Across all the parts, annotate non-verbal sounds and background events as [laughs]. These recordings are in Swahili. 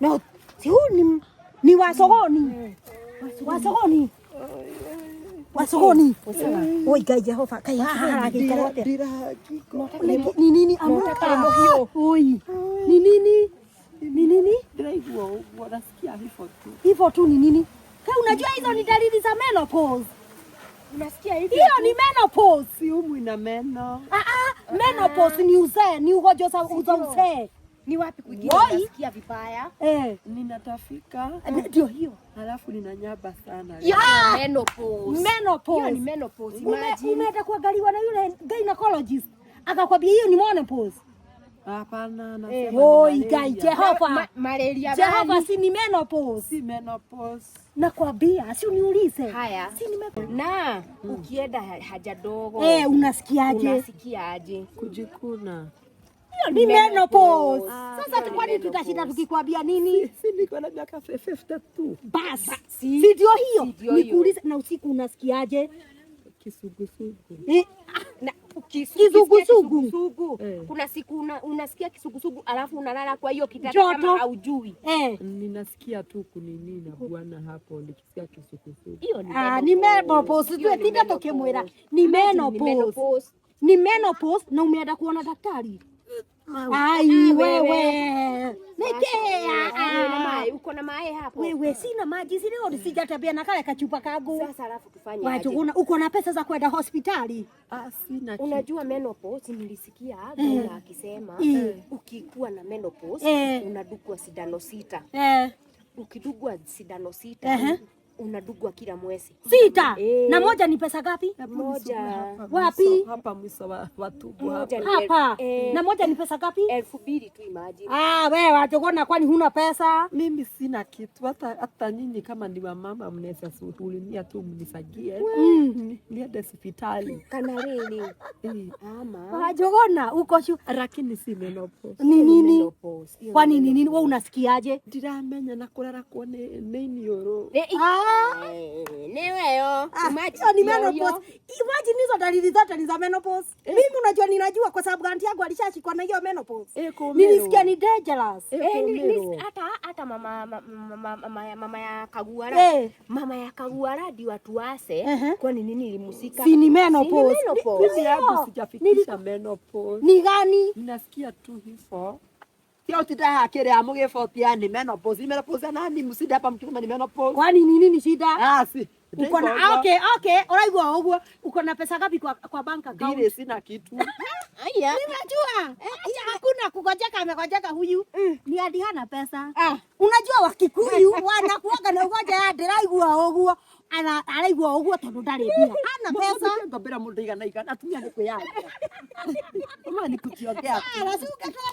No, si huu ni, ni wa sokoni. Wa Oi gai Jehova, kai hara gika wote. Ni nini amuka Oi. Ni nini? Ni nini? Ndio wanasikia hivyo tu. Hivyo tu ni nini? Kama unajua hizo ni dalili za menopause. Unasikia hivi? Hiyo ni menopause. Si umwi na meno. Ah ah, menopause ni uzee, ni ugonjwa za uzee. Ni wapi kwingine nasikia vibaya? Eh, ninatafika. Eh, ndio hiyo. alafu ninanyaba sana. Yaani, menopause. Menopause. ni menopause. Imagine. Umeenda kuangaliwa na yule gynecologist. Akakwambia hiyo ni menopause. Hapana, eh, na Jehova. Malaria. Jehova si ni menopause. Si menopause. Nakwambia, si uniulize. Haya. Si nime Na ukienda haja dogo. Eh, unasikiaje? Unasikiaje? Kujikuna ni menopause. Ah, Sasa kwani tutashinda tukikwambia nini? Si Niko na miaka 52. Bas. si ndio hiyo? Nikuulize, na usiku unasikiaje? Kisugusugu eh? ah, na kisugusugu eh. kuna siku una, unasikia kisugusugu alafu unalala kwa hiyo kitanda kama haujui eh. Ninasikia tu kunini na bwana hapo, nikisikia kisugusugu hiyo ni ah, ni menopause Tuwe tinda tokemwera ni menopause, ni menopause na umeenda kuona daktari Ai ah, wewe. Nike. Ah, ah. Uko na mae hapo. Wewe sina maji, na kale kachupa kagu. Sasa alafu tufanye aje? uko na pesa za kwenda hospitali? Ah, sina. Unajua menopause nilisikia kuna eh. akisema eh. ukikuwa na menopause eh. unadukwa sindano sita. Eh. Ukidugwa sindano sita una ndugu kila mwezi sita e. Na moja ni pesa gapi? Moja wapi? Hapa mwisho wa watu hapa hapa e. Na moja ni pesa gapi? elfu mbili tu, imagine. Ah, wewe wajogona, kwani huna pesa? Mimi sina kitu hata hata. Nyinyi kama ni wamama, mnaweza suhulimia tu mnisagie mm. niende hospitali kana lini [laughs] eh. ama wajogona uko shu, lakini si menopause ni nini? Kwani ni nini wewe unasikiaje? Ndiramenya na kulala kwa nini yoro ah Eh, Imagine hizo ah, dalili zote ni za menopause. Eh. Mimi unajua ninajua kwa sababu anti yangu alishashikwa na hiyo menopause. Eh, Nilisikia ni dangerous. Hata hata mama mama ya Kaguara. Mama ya Kaguara ndio watu wase kwa ni nini ilimusika? Si ni menopause. Mimi yangu sijafikisha menopause. Ni gani? Ninasikia tu hivyo. Sio tita akere amuge fotia ni menopause. Ni menopause nani msida hapa mchukuma ni menopause. Kwani ni nini shida? Ah si. Uko na ah, okay, okay. Unaigua uguo. Uko na pesa gapi kwa kwa bank account? Dile sina kitu. [laughs] Aya. Ninajua. Eh, hakuna kugojeka amegojeka huyu. Mm. Ni hadi hana pesa. Ah. Unajua Wakikuyu wanakuaga na ugoja ya ndiraigua uguo. Ana araigua uguo tondu ndari bia. Hana pesa. Ngobera mundu igana igana atumia ni kuyaka. Kama [laughs] ni kutiongea. Ah, lazima ukatoa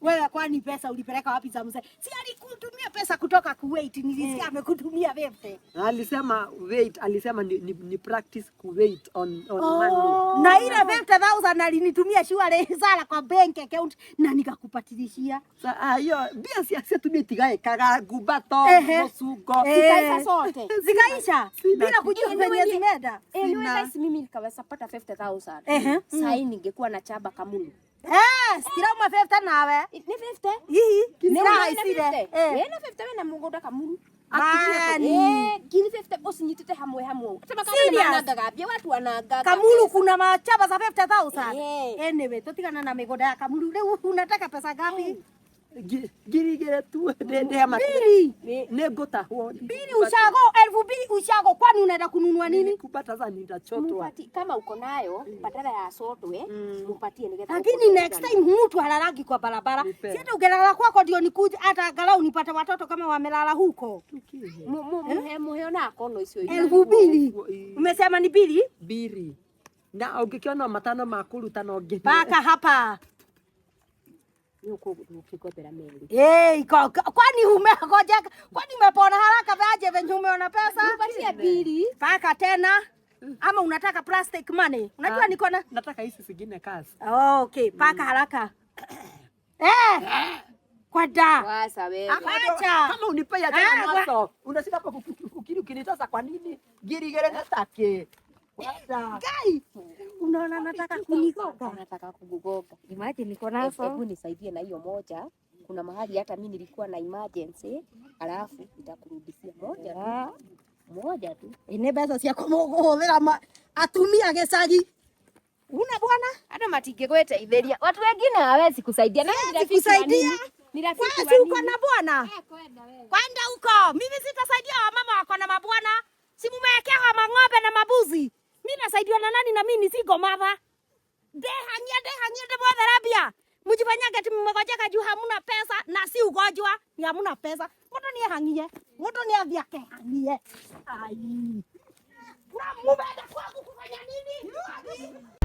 Wewe kwani pesa ulipeleka wapi za mzee? Si alikutumia pesa kutoka Kuwait, nilisikia hmm. amekutumia vipi? Alisema wait, alisema ni, ni, ni practice Kuwait on on oh, money. Na ile vepe 1000 alinitumia shule [laughs] sala kwa bank account na nikakupatilishia. Sasa ah, hiyo bia si asitumie tigae kaga gubato eh, mosugo. Zikaisha eh. sote. [laughs] Zikaisha bila kujua eh, venye zimeda. Eh, mimi nikaweza pata 50000. Sasa mm. ningekuwa na chaba kamuni. Eh, sira uma 50 nawe. Ni 50? Hihi. Nira haicire. Eh, na 50 wena mugunda kamuru. Kamuru kuna machaba za 50000. Anyway, tutigana na migunda ya Kamuru. Leo unataka pesa gapi? ngiri igä tu nä ngå tahwo mbiri ushago elfu mbili kwa kwani unaenda kununua nini kupata za nita kama uko nayo badala mm. ya sotwe mupatie mm. nigetha lakini next time mtu halalangi kwa barabara siete ungelala kwako ndio nikuje hata angalau nipate watoto kama wamelala huko eh? na kono nakono icio elfu mbili umesema ni mbili mbiri na ungikiona matano makuru tano no paka hapa Eh, iko kwani umegoja kwani umepona haraka vaje venye umeona pesa? Nipatie bili. Paka tena. Mm. Ama unataka plastic money? Unajua ah, niko na nataka hizi zingine kazi. Oh, okay. Paka mm. haraka. Eh. Kwada. Wasa wewe. Acha. Kama unipe ya jana mwanzo. Eh, Unashinda kwa kukiri ukinitasa kwa nini? Giri gere natake. Kwada. Guys unaona nataka kunigoga, nataka kugogoga. Imagine niko nazo. Hebu nisaidie na hiyo moja. Kuna mahali hata mimi nilikuwa na emergency, alafu nitakurudishia moja tu. Moja tu. Ine besa cia kumuguthira ma atumia gesagi Una bwana? Hata matinge gwete itheria. Watu wengine hawezi kusaidia. Na nitakusaidia. Nirafiki uko na bwana? Eh, kwenda wewe kwenda huko. Mimi sitasaidia wamama wako na mabwana. Simu mnasaidiwa na nani? Na mimi nisiko mava dehang'ia dehang'ia ndivotherapia mujivanyage ti mmegojeka juu hamuna pesa na si ugojwa ni hamuna pesa ni hangie. mutu ni avia ke hangie. ai na mumeenda kwaku kufanya nini